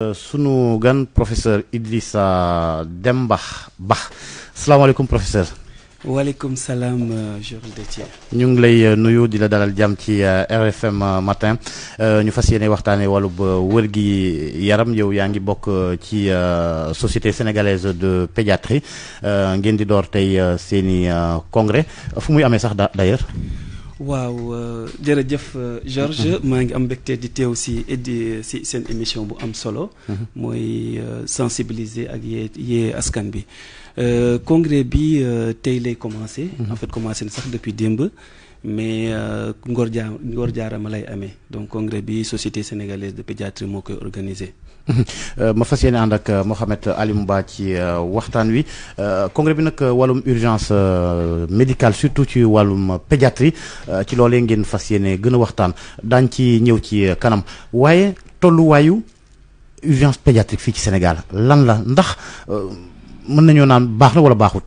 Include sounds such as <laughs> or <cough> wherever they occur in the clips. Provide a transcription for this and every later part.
Euh, sunu gan professeur Idrissa Demba bah. Salam professeur. salam euh, ñu lay euh, nuyu di la dalal matin ñu yaram yow société sénégalaise de pédiatrie di congrès fu muy un sax d'ailleurs Wow, euh, jërëjëf euh, Georges mm-hmm. maa ngi am mbégte di teew si émission bu am solo. Mm-hmm. mooy euh, sensibiliser ak yee euh, congrès bi euh, tey lay commencé. Mhm. en fait commencé na sax depuis démb. mais euh, Ngor Dia Ngor Diarra ma amé donc congrès bi société sénégalaise de pédiatrie moo koy organisé. <laughs> ma fas yéene Mohamed ak Mouhamed Alioune Ba ci waxtan wi congrès bi nak walum urgence médicale surtout ci walum pédiatrie ci lolé ngeen fas gëna waxtan dañ ci ñëw ci kanam waaye wayu urgence pédiatrique fi ci Sénégal lan la ndax mën nañoo naan baax na wala baaxut.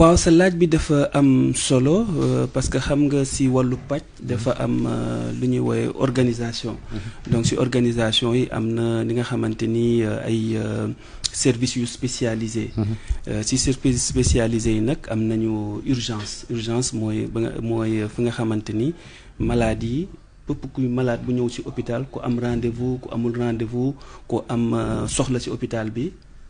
waaw sa laaj bi dafa am solo euh, parce que xam nga si wàllu paj dafa am euh, lu ñuy organisation. Mhm. donc si organisation yi am na li nga xamante ni euh, ay services yu spécialisé. Mhm. si services spécialisé yi nag am nañu urgence urgence mooy ba nga mooy fi nga xamante ni malade yi. kuy malade bu ñëw ci hôpital ku am rendez-vous ku amul rendez-vous ku am soxla ci hôpital bi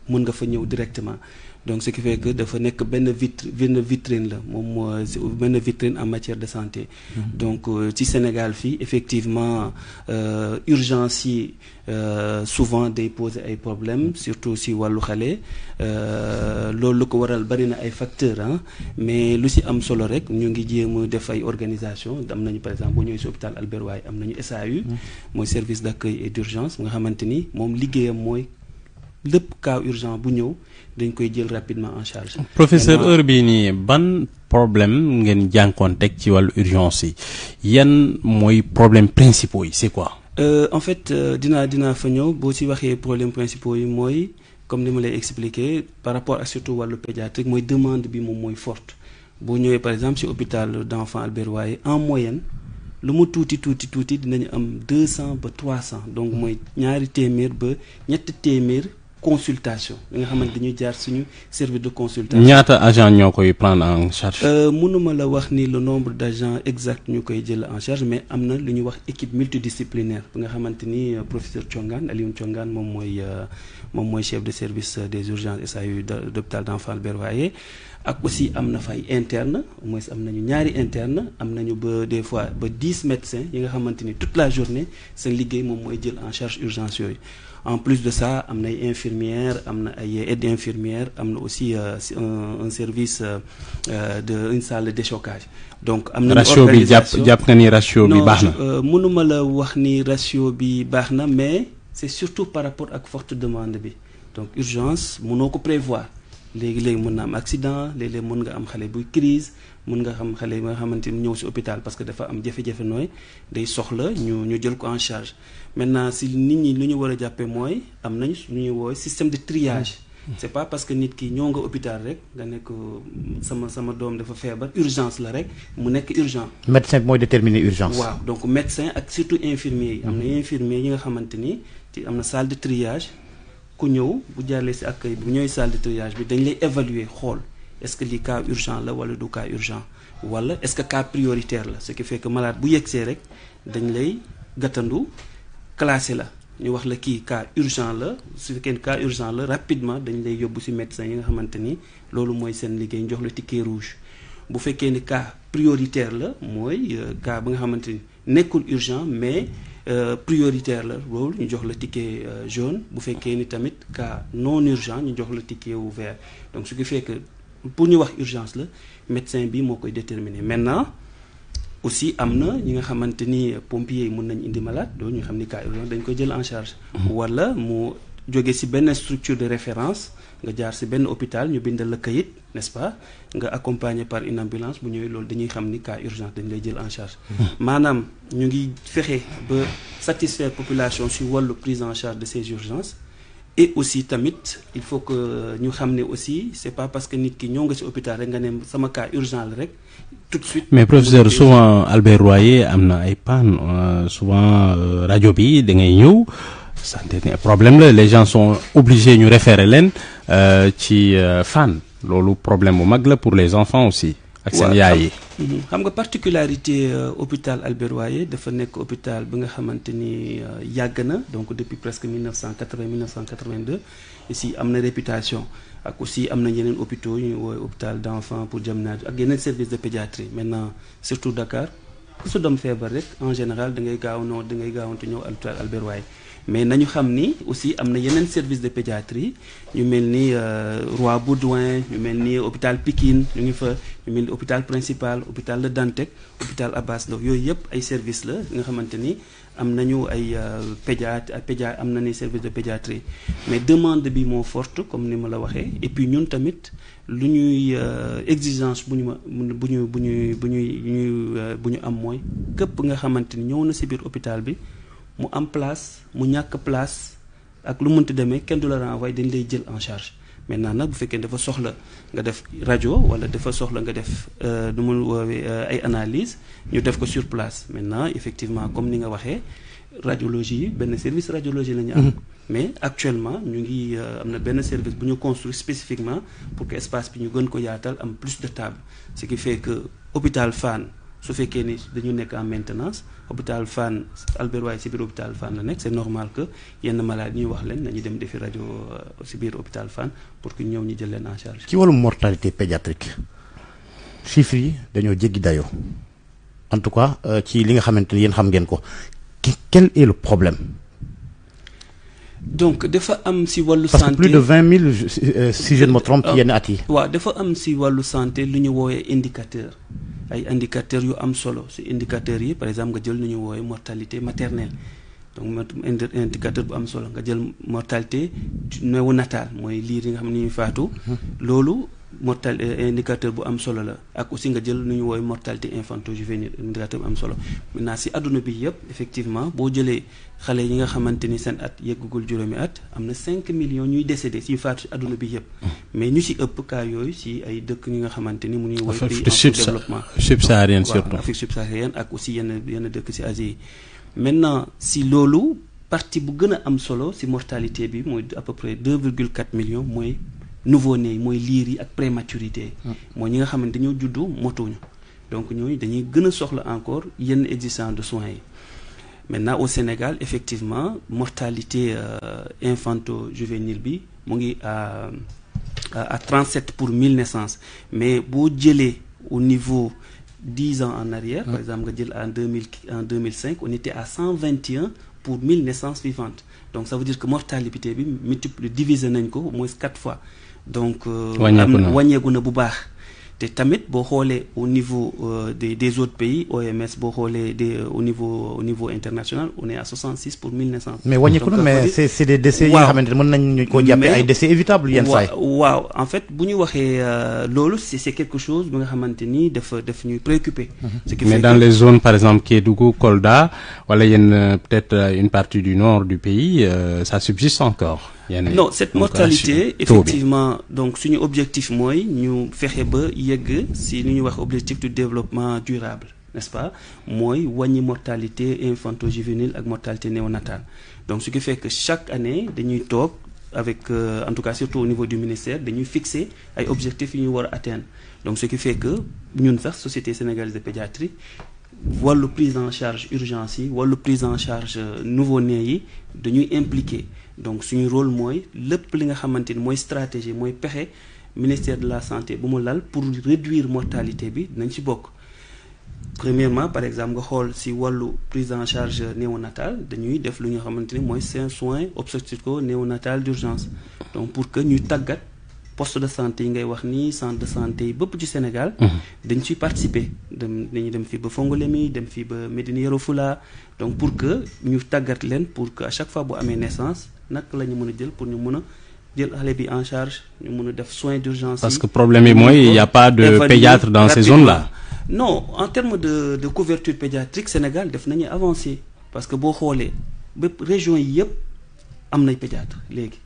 mën nga fa ñëw directement donc ce qui fait que dafa nekk benn vitre benn vitrine la moom moo benn vitrine en matière de santé mmh. donc euh, ci Sénégal fii effectivement euh, urgence yi euh, souvent day poser ay problèmes surtout si wàllu xale loolu lu ko waral bari na ay facteurs hein mais lu si am solo rek ñu ngi jéem def ay organisation am nañu par exemple boo ñëwee si hôpital Albert Royer am nañu SAU mmh. mooy service d'accueil et d'urgence nga xamante ni moom liggéeyam mooy lépp cas urgent bu ñëw dañ koy jël rapidement en charge. professeur heure bii nii ban problème ngeen jànkoon teg ci wàllu urgence yi yan mooy problème principaux yi c'est quoi. Euh, en fait euh, dinaa dinaa fa ñëw boo ci waxee problème principaux yi mooy comme ni ma lay expliquer par rapport ak surtout wàllu pédiatrique mooy demande bi moom mooy forte boo ñëwee par exemple ci hôpital d'enfants Albert Royer en moyenne. lu mu tuuti tuuti tuuti dinañ am 200 ba 300 donc hmm. mooy ñaari téeméer ba ñetti téeméer consultation on nga xamante service de consultation. ñaata agent nous prendre en charge. Euh, le nombre d'agents exacts exact prennent en charge mais nous avons une équipe multidisciplinaire Nous avons le professeur Tchongan, Alioune est mon euh, chef de service euh, des urgences et interne interne des fois 10 médecins toute la journée en charge en plus de ça y a des infirmières am na ay aides infirmières y a aussi euh, un service euh, euh, de une salle de déchocage donc am na ratio bi jàpp jàpp nga ni ratio bi baax na mënuma la wax ni ratio bi baax mais c'est surtout par rapport à la forte demande bi donc urgence mënoo prévoit prévoir léegi-léegi am accident les les mën nga am crise mën nga xam xale yi nga xamante ni ñëw si hôpital parce que dafa am jafe-jafe nooy day soxla ñu ñu jël ko en charge maintenant si nit ñi lu ñu war a jàppee mooy am nañu lu ñuy woowe système de triage. Mm. c' est pas parce que nit ki ñëw nga hôpital rek nga nekk sama sama doom dafa feebar urgence la rek mu nekk urgent. médecin bi mooy déterminer urgence. waaw donc médecin ak surtout infirmier yi. am na mm. infirmier yi nga xamante ni ci am na salle de triage ku ñëw bu jàllee si accueil bu ñëwee salle de triage bi dañ lay évaluer xool est-ce que les cas urgents là wala du cas urgent wala est-ce que cas prioritaire là, ce qui fait que malade bu yegsee rek dañ lay gàttandu classé là, ñu wax la ki cas urgent la su fekkee cas urgent la rapidement dañ lay yóbbu ci médecin yi nga xamante ni loolu mooy seen liggéey jox la ticket rouge bu fekkee ni cas prioritaire la mooy euh, cas bi nga xamante ni nekkul urgent mais euh, prioritaire la loolu ñu jox la ticket euh, jaune bu fekkee ni tamit cas non urgent ñu jox la ticket wu vert donc ce qui fait que pour nous wax urgence le médecin bi moo déterminer maintenant aussi amna ñi nga xamanteni pompier yi mën nañ indi malade do ñu xamni urgence dañ koy jël en charge. Mhm. wala mu jóge ci benn structure de référence nga jaar ci benn hôpital ñu bindal le kayit n'est-ce pas nga accompagné par une ambulance bu ñëwee lool dañuy xamni cas urgence dañ lay jël en charge. manam mhm. ñu ngi fexé ba satisfaire population sur la prise en charge de ces urgences et aussi tamit il faut que nous xamné aussi c'est pas parce que nous ki ñoo nga ci hôpital rek sama urgent tout de suite. mais professeur souvent Albert Royer Amna ay panne euh, souvent euh, Radio bi da ngay ñëw santé problème là. les gens sont obligés ñu référer leen euh, ci fan lolu problème bu mag la pour les enfants aussi ak seen yaay yi xam nga particularité euh, hôpital Albert Royer dafa nekk hôpital bi nga xamante ni euh, yàgg na donc depuis presque 1980 1982 ici am na réputation ak aussi am na yeneen hôpitaux un hôpital d' enfant pour Diamniadio ak yeneen service de pédiatrie maintenant surtout Dakar ku su doom feebar rek en général da ngay gaaw noo da ngay gaawantu ñëw hôpital Albert Royer mais nañu xam ni aussi am na yeneen service de pédiatrie ñu mel ni euh, Roi Baudouin ñu mel ni hôpital pikin ñu ngi fa ñu mel ni hôpital principal hôpital de Dantec hôpital Abass Ndao yooyu yëpp ay service la nga xamante ni am nañu ay euh, pédiat pédia am na ni service de pédiatrie mais demande bi moo forte comme ni ma la waxee et puis ñun tamit lu ñuy euh, exigence bu ñu ma bu ñu bu ñuy bu ñu am mooy képp nga xamante ni ñëw na si biir hôpital bi mu am place mu ñàkk place ak lu mënti demee kenn du la renvoyer dañ lay jël en charge maintenant nag bu fekkee dafa soxla nga def rajo wala dafa soxla nga def du euh, mu woowee euh, ay analyse ñu def ko sur place maintenant effectivement comme ni nga waxee radiologie benn service radiologie la ñu am hum. mais actuellement ñu ngi euh, am na benn service bu ñu construit spécifiquement pour que espace bi ñu gën ko yaatal am plus de table ce qui fait que hôpital fan su fekkee ni dañu nekk en maintenance hôpital Fan, Albert Royer si biir hôpital Fan. la nekk c'est normal que yenn malade ñuy wax leen nañu dem defi rajo si euh, biir hôpital Fan pour que ñëw ñu jël leen en charge. ci wàllum mortalité pédiatrique chiffres yi dañoo jéggi dayoo en tout cas euh, ci li nga xamante ni yéen xam ngeen ko quel est le problème. donc dafa am si wàllu santé parce que plus de vingt mille euh, si je ne me trompe yenn at yi. waaw dafa am si wàllu santé lu ñu woowee indicateur. ay indicateurs yu am solo si indicateurs yi par exemple nga jël nu ñu woowee mortalité maternelle donc indicateur bu am solo nga jël mortalité néonatale mooy liir yi nga xam ne ñuy faatu mhm. loolu mortalité euh, indicateur bu am solo la ak aussi nga jël nu ñu wooy mortalité infanto juvénile indicateur bu am solo maintenant si aduna bi yëpp effectivement boo jëlee xale yi nga xamante ni seen at yeggagul juróomi at am na 5 millions ñuy décédé si faatu aduna bi yëpp mm. mais ñu si ëpp cas yooyu si ay dëkk ñi nga xamante ni mu ñuy wooy pays en développement subsaharienne surtout Afrique subsaharienne ak aussi yenn yenn dëkk si Asie maintenant si loolu partie bu gën a am solo si mortalité bi mooy à peu près 2,4 millions mooy nouveau-né moy mooy ak prématurité moy hmm. ñi nga xam ne dañoo donc ñoy dañuy gëna soxla encore yenn existence de soins maintenant au Sénégal effectivement mortalité infantile euh, infanto-juvénile bi mo ngi à à 37 pour 1000 naissances mais vous jëlé au niveau 10 ans en arrière par hmm. exemple en 2000 en 2005 on était à 121 pour 1000 naissances vivantes donc ça veut dire que mortalité bi divisée divisé nañ ko au moins 4 fois donc on euh, ne na bu baax te tamit au niveau euh, des des autres pays OMS bo xoolee des au niveau au niveau international on est à 66 pour 1900. mais on mais c' est des décès. yi ne mën pas koo c'est ay décès évitables yenn waaw en fait bu ñu waxee euh, loolu c' quelque chose bi nga xamante dafa daf ñuy mhm. mais dans les zones par exemple qui Kédougou Kolda wala yenn peut-être une partie du nord du pays ça subsiste encore non cette mortalité effectivement donc un objectif moy ñu fexe ba yegg ci wax objectif du développement durable n'est-ce pas moy une mortalité infantile juvénile ak mortalité néonatale donc ce qui fait que chaque année nous tok avec euh, en tout cas surtout au niveau du ministère dañuy fixer ay objectifs nous ñu wara atteindre donc ce qui fait que ñun sax société sénégalaise de pédiatrie wàllu prise en charge urgence yi wàllu prise en charge euh, nouveau-né yi dañuy impliquer donc suñu rôle mooy lépp li nga xamante ni stratégie mooy pexe ministère de la santé bu lal pour réduire mortalité bi nañ ci premièrement par exemple nga xool si wàllu prise en charge néonatale dañuy def lu nga xamante ni soins obstétricaux néonatal d'urgence donc pour que ñu tàggat poste de santé ngay wax centre de santé du bëpp Sénégal. Mhm. dañ ciy participer dem dañuy dem fii ba Fongolemi dem fii ba Médina Yero Fula donc pour que ñu tàggat leen pour que à chaque fois bu amee naissance nag la ñu mën a jël pour ñu mën jël bi en charge Nous mën faire def soins d'urgence. parce que problème est mooy il y a pas de pédiatre dans ces zones là. non en termes de de couverture pédiatrique Sénégal def nañu avancé parce que boo xoolee bépp région yi yëpp am nay pédiatre léegi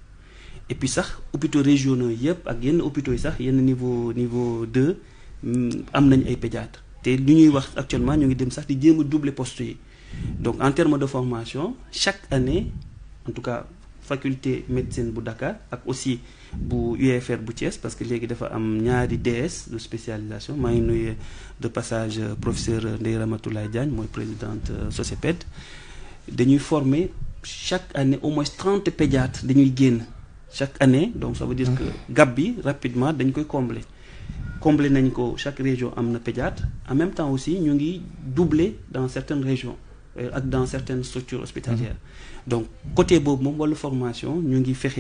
et puis sax hôpitaux régionaux yépp ak yenn hôpitaux yi sax yenn niveau niveau deux mm, am nañ ay pédiatres te li ñuy wax actuellement ñu ngi dem sax di jéem doubler postes donc en termes de formation chaque année en tout cas faculté médecine bu Dakar ak aussi bu UFR bu parce que léegi dafa am ñaari DS de spécialisation maa ngi de passage professeur Ndeye Ramatoulaye Diagne mooy présidente formons euh, dañuy former chaque année au moins 30 pédiatres dañuy génn chaque année donc ça veut dire que Gabi rapidement a koy combler chaque région a des pédiatre en même temps aussi nous ngi doubler dans certaines régions euh, dans certaines structures hospitalières. Mmh. donc côté de la formation nous ngi faire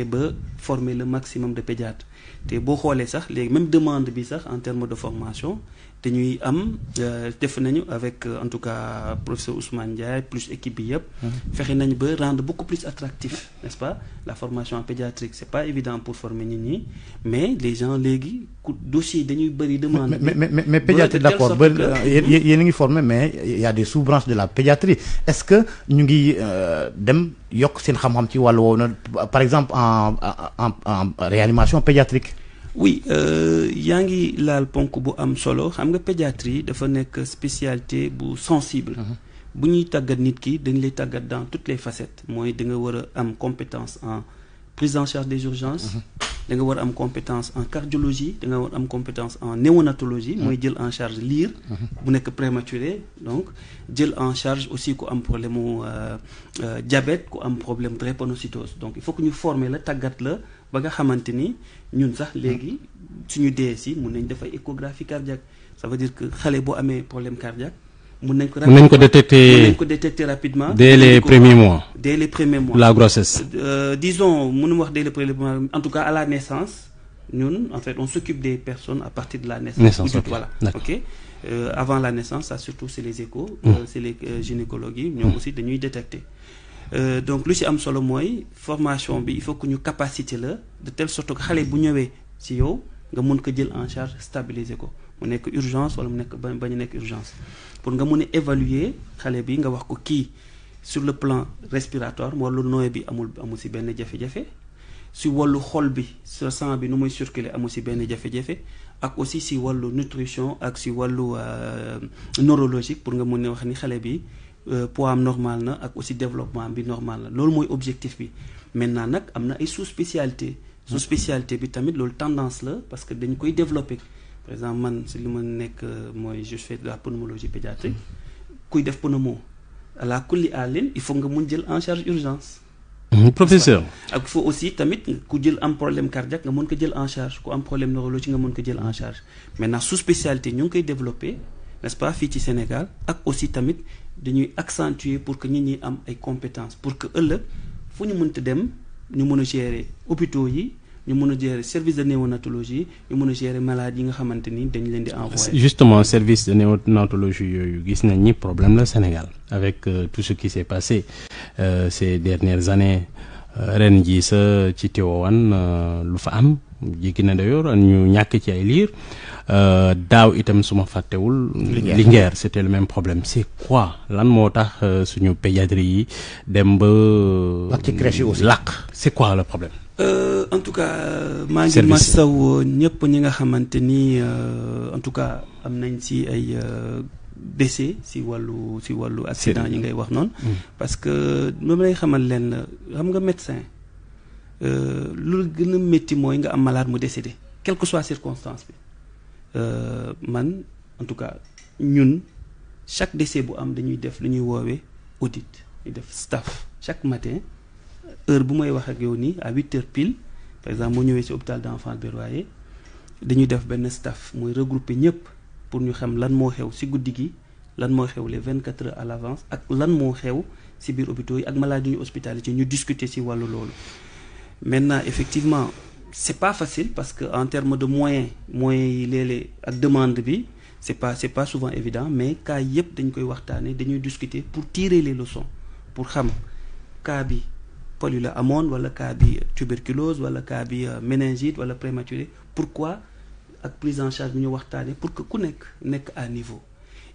former le maximum de pédiatres Et si xoolee sax les même demandes en termes de formation nous ñuy am euh, def avec euh, en tout cas professeur Ousmane Diaye plus équipe bi yëpp. Mmh. fexe nañu ba rendre beaucoup plus attractif n'est-ce pas la formation en pédiatrique c'est pas évident pour former nit ñi mais les gens légui ku dossier dañuy bari demande. mais mais mais d'accord il formé mais y a des sous-branches de la pédiatrie est-ce que ñu ngi euh, dem yok seen xam-xam ci walu par exemple en en en réanimation pédiatrique oui euh, yaa ngi laal bu am solo xam nga pédiatrie dafa nek spécialité bu sensible. Mhm. bu ñuy tàggat nit ki dañ lay tagat dans toutes les facettes Moy da nga wara am compétence en prise en charge des urgences. Mhm. da nga wara am compétence en cardiologie da nga wara am compétence en néonatologie. moy mhm. jël en charge lire. bu nek prématuré donc jël en charge aussi ko am problème euh, euh diabète ko am problème drépanocytose donc il faut que ñu former la tagat la ba nga xamante ni ñun sax léegi suñu dee si mun nañ échographie cardiaque ça veut dire que xale boo amee problème cardiaque mun nañ ko. mun nañ ko détecter détecter rapidement. dès les premiers mois. dès les premiers mois la grossesse. Euh, disons mënu wax dès les premiers mois en tout cas à la naissance ñun en fait on s'occupe des personnes à partir de la naissance. ok voilà ok. Euh, avant la naissance ça surtout c'est les échos. Mmh. Euh, c'est les gynécologues yi ñoom mmh. aussi dañuy détecter. Euh, donc lu ci am solo mooy formation bi il faut que ñu capacité la de telle sorte que xale bu ñëwee ci yow nga mun ko jël en charge stabiliser ko mu nekk urgence wala mu nekk ba bañ nekk urgence pour nga mun a évaluer xale bi nga wax ko kii sur le plan respiratoire mu lu nooy bi amul amul ci benn jafe-jafe si wàllu xol bi sa sang bi nu muy circuler amul ci benn jafe-jafe ak aussi si wàllu nutrition ak si wàllu euh, neurologique pour nga mun a wax ni xale bi euh, poids normal na ak aussi développement bi normal na loolu moy objectif bi maintenant nak amna ay sous mm-hmm. spécialité sous spécialité bi tamit lool tendance la parce que dañ koy développer par exemple man si li ma nek euh, moy je fais de la pneumologie pédiatrique mm-hmm. kuy def pneumo à la kulli àlin il faut nga mun jël en charge urgence mm-hmm. professeur ak il faut aussi tamit ku jël am problème cardiaque nga mën ko jël en charge ku am problème neurologique nga mën ko jël en charge maintenant sous spécialité ñu koy développer n'est-ce pas le Sénégal ak aussi tamit dañuy accentuer pour que nous ayons am compétences pour que nous fu ñu mënta dem gérer hôpitaux yi ñu service de néonatologie ñu maladies gérer malades yi nga xamanteni dañ leen di envoyer. justement service de néonatologie yoyu gis nañ ni problème la Sénégal avec euh, tout ce qui s'est passé euh, ces dernières années euh, ren jii sa ci qui lu fa am d'ailleurs ñu ñak ci ay euh, daw itam su ma fàttewul. Linguère c'était le même problème c'est quoi lan motax euh, suñu pédiatrie yi dem ba. ak euh, ci crèche yi aussi làq c'est quoi le problème. euh, en tout cas maa ngi ma saw ñëpp ñi nga xamante ni en tout cas am nañ ci ay. décès si walu si walu accident yi ngay wax noonu mm. parce que moom lay xamal leen la xam nga médecin lu gën a métti mooy nga am malade mu décédé quelle que soit circonstance bi euh, man en tout cas ñun chaque décès bu am dañuy def lu ñuy audit ñu def staff chaque matin heure bu may wax ak yow nii à huit heures pile par exemple moo ñëwee ci hôpital d'enfants Albert Royer dañuy def benn staff mooy regrouper ñëpp pour ñu xam lan moo xew ci guddi gi lan moo xew les vingt quatre heures à l'avance ak lan moo xew ci biir hôpitaux yi ak malades yu ñu ñu discuter ci wàllu loolu maintenant effectivement c'est pas facile parce qu'en termes de moyens moyens il les la demande bi c'est pas c'est pas souvent évident mais cas yep dañ koy discuter pour tirer les leçons pour xam cas bi polio la amoon wala cas bi tuberculose wala cas bi euh, méningite wala prématuré pourquoi ak prise en charge bi ñu waxtaanee pour que ku nek à niveau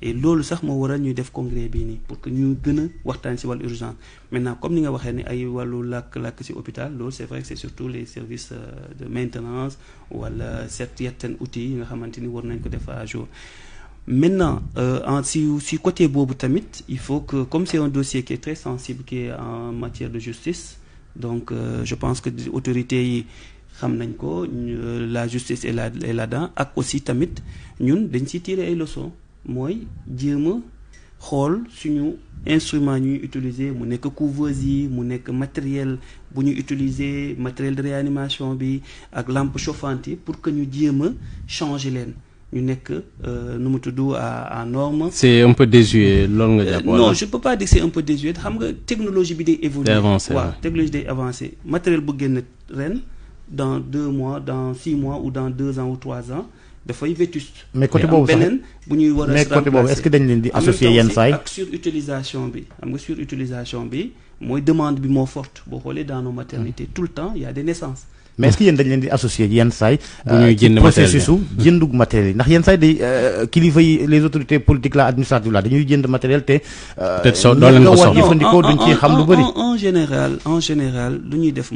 et c'est sax moo waral ñuy def congrès bii nii pour que nous puissions a waxtaan si wàllu urgence maintenant comme ni nga waxee ne ay wàllu lakk-lakk hôpital c'est vrai que c'est surtout les services euh, de maintenance ou certains outils yi nga xamante ni nañ ko à jour maintenant euh, en si si côté boobu tamit il faut que comme c'est un dossier qui est très sensible qui est en matière de justice donc euh, je pense que autorités la justice est là est là-dedans ak aussi tamit ñun dañ si tirer ay leçons moy djema a suñu instrument ñuy utiliser mu nek couveuse mu nek matériel bu utiliser matériel de réanimation bi ak lampe chauffante pour que nous puissions changer Nous ñu nous euh, nu mu à norme. c'est un peu désuet euh, non je peux pas dire c'est un peu désuet xam nga technologie bi day évoluer. day technologie day avancé matériel bu génn dans deux mois dans six mois ou dans deux ans ou trois ans dafay vétuste. mais côté boobu sax beneen bu ñuy war a. mais côté boobu est-ce que dañ leen di associer yenn saay ak surutilisation bi xam nga surutilisation bi mooy demande bi moo forte boo xoolee dans nos maternités tout le temps il y a des naissances mais est-ce y y dañ leen associés, associer yenn saay processus Il y matériel des ndax Il y a des les autorités politiques et administratives qui dañuy jënd matériel euh, peut-être nga en général en général lu ñuy def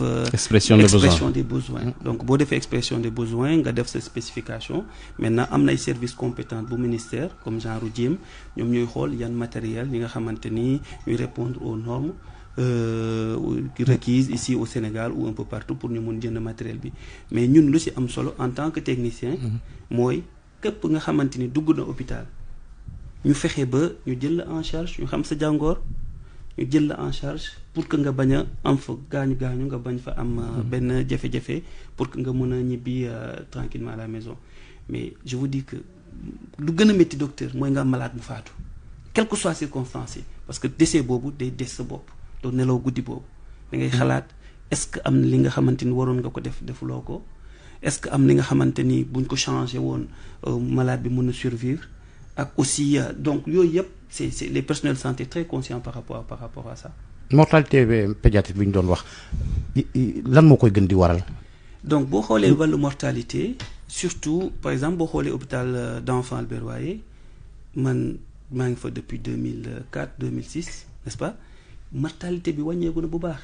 euh, euh, des besoins mm-hmm. donc pour defee l'expression des besoins nga def sa spécification maintenant avons les services compétents du ministère comme Jean-Rudim, qui ont des matériels matériel qui nga xamante répondre aux normes euh, requises ici au Sénégal ou un peu partout pour ñu mun le matériel bi mais nous, nous ci am solo en tant que technicien mhm. moi, que nga nous maintenir dugg na hôpital ñu fexe ba ñu jël en charge nous xam sa jàngoor ñu jël en charge pour que nga bañ a am fa gaañu gaañu nga fa am ben pour que nga mën a euh, tranquillement à la maison mais je vous dis que lu gën a docteur moi nga am malade quelles que soient circonstances parce que décès c'est day des c'est bopp do nelaw guddi boobu da ngay hmm. xalaat est-ce que am na li nga xamante ni waroon nga ko def defuloo ko est-ce que am li nga xamante ni buñ ko changé woon euh, malade bi mën a survivre ak aussi euh, donc yooyu yëpp c'est les personnels santé très conscients par rapport par rapport à ça. mortalité pédiatrique bi ñu doon wax lan moo koy gën di waral. donc boo xoolee hmm. wàllu mortalité surtout par exemple boo xoolee hôpital euh, d'enfants Albert Royer man maa ngi fa depuis 2004 2006 n'est-ce pas mortalité bi wàññeeku na bu baax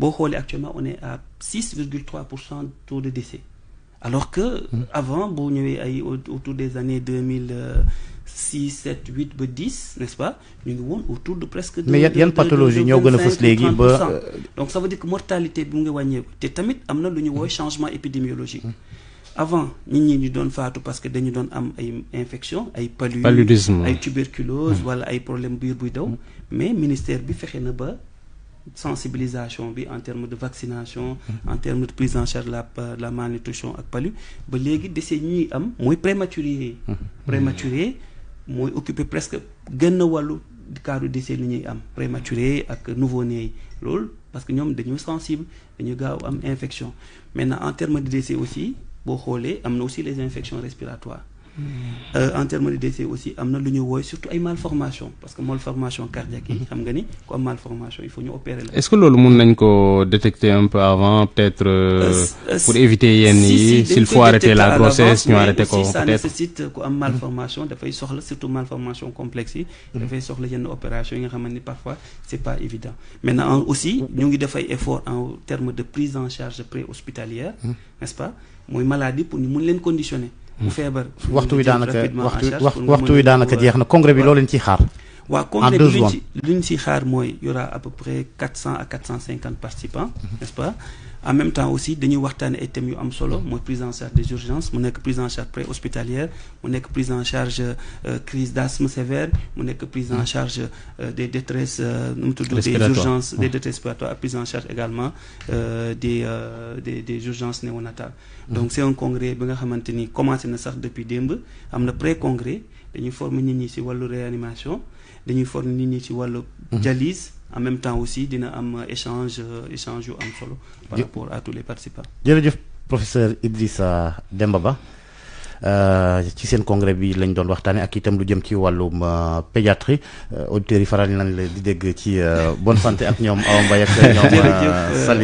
boo xoolee actuellement on est à 6,3 pour taux de décès alors que mm. avant ñëwee ay autour des années 2006 7 8 ba 10 n'est-ce pas ñu ngi autour de presque. mais yan pathologie ñoo gën a fës léegi ba euh, donc ça veut dire que mortalité bi mu ngi wàññeeku te tamit am lu ñu changement épidémiologique mm avant nous ñi ñu doon faatu parce que dañu avons am ay infection ay paludisme ay tuberculose mm. wala ay problème biir buy daw mm. mais ministère bi fait na sensibilisation en termes de vaccination mm. en termes de prise en charge de la malnutrition ak palu ba léegi décès ñi am mooy prématuré prématuré mooy occupé presque gën a wàllu cadre décès ni ñuy am prématuré ak nouveau-né parce que ñoom dañu sensible dañu gaaw am infection maintenant en termes de décès aussi il y a aussi les infections respiratoires hmm. euh, en termes de décès aussi il y lu surtout des malformations. parce que malformation cardiaque cardiaques, xam nga ni malformation il faut opérer est-ce que le monde nañ ko détecter un peu avant peut-être. Euh, euh, pour éviter l'INI s'il faut arrêter la grossesse faut arrêter ko peut ça nécessite ku am malformation surtout malformation complexe il il sortir les opération yi nga n'est pas évident. maintenant aussi il ngi a des efforts en termes de prise en charge préhospitalière hmm. n'est-ce pas mooy maladie pour ñu mun leen conditionner. Hmm. faire waxtu wi daanaka waxtu waxtu wi daanaka jeex y aura à peu près 400 à 450 participants hmm. n'est-ce pas en même temps aussi dañuy avons ay thèmes yu am solo prise en charge des urgences mu nekk prise en charge pré hospitalière mu nekk prise en charge euh, crise d'asthme sévère mu nekk prise en hmm. charge euh, des détresses euh, nu des urgences des détresses respiratoires prise en charge également des des urgences néonatales hmm. donc c'est un congrès bi nga commencé na sax depuis démb am na pré congrès dañuy former nit ñi ci walu réanimation dañuy former nit ñi ci walu hmm. dialyse en même temps aussi dina am échange échange am solo par rapport à tous les participants jërëjëf professeur Idrissa Dembaba, Ba euh, ci seen congrès bi lañ doon waxtaane ak itam lu jëm ci wàllum euh, pédiatrie euh, auditeurs yi faral nañ la di dégg ci bonne santé ak ñoom aw mbay ak ñoom <laughs>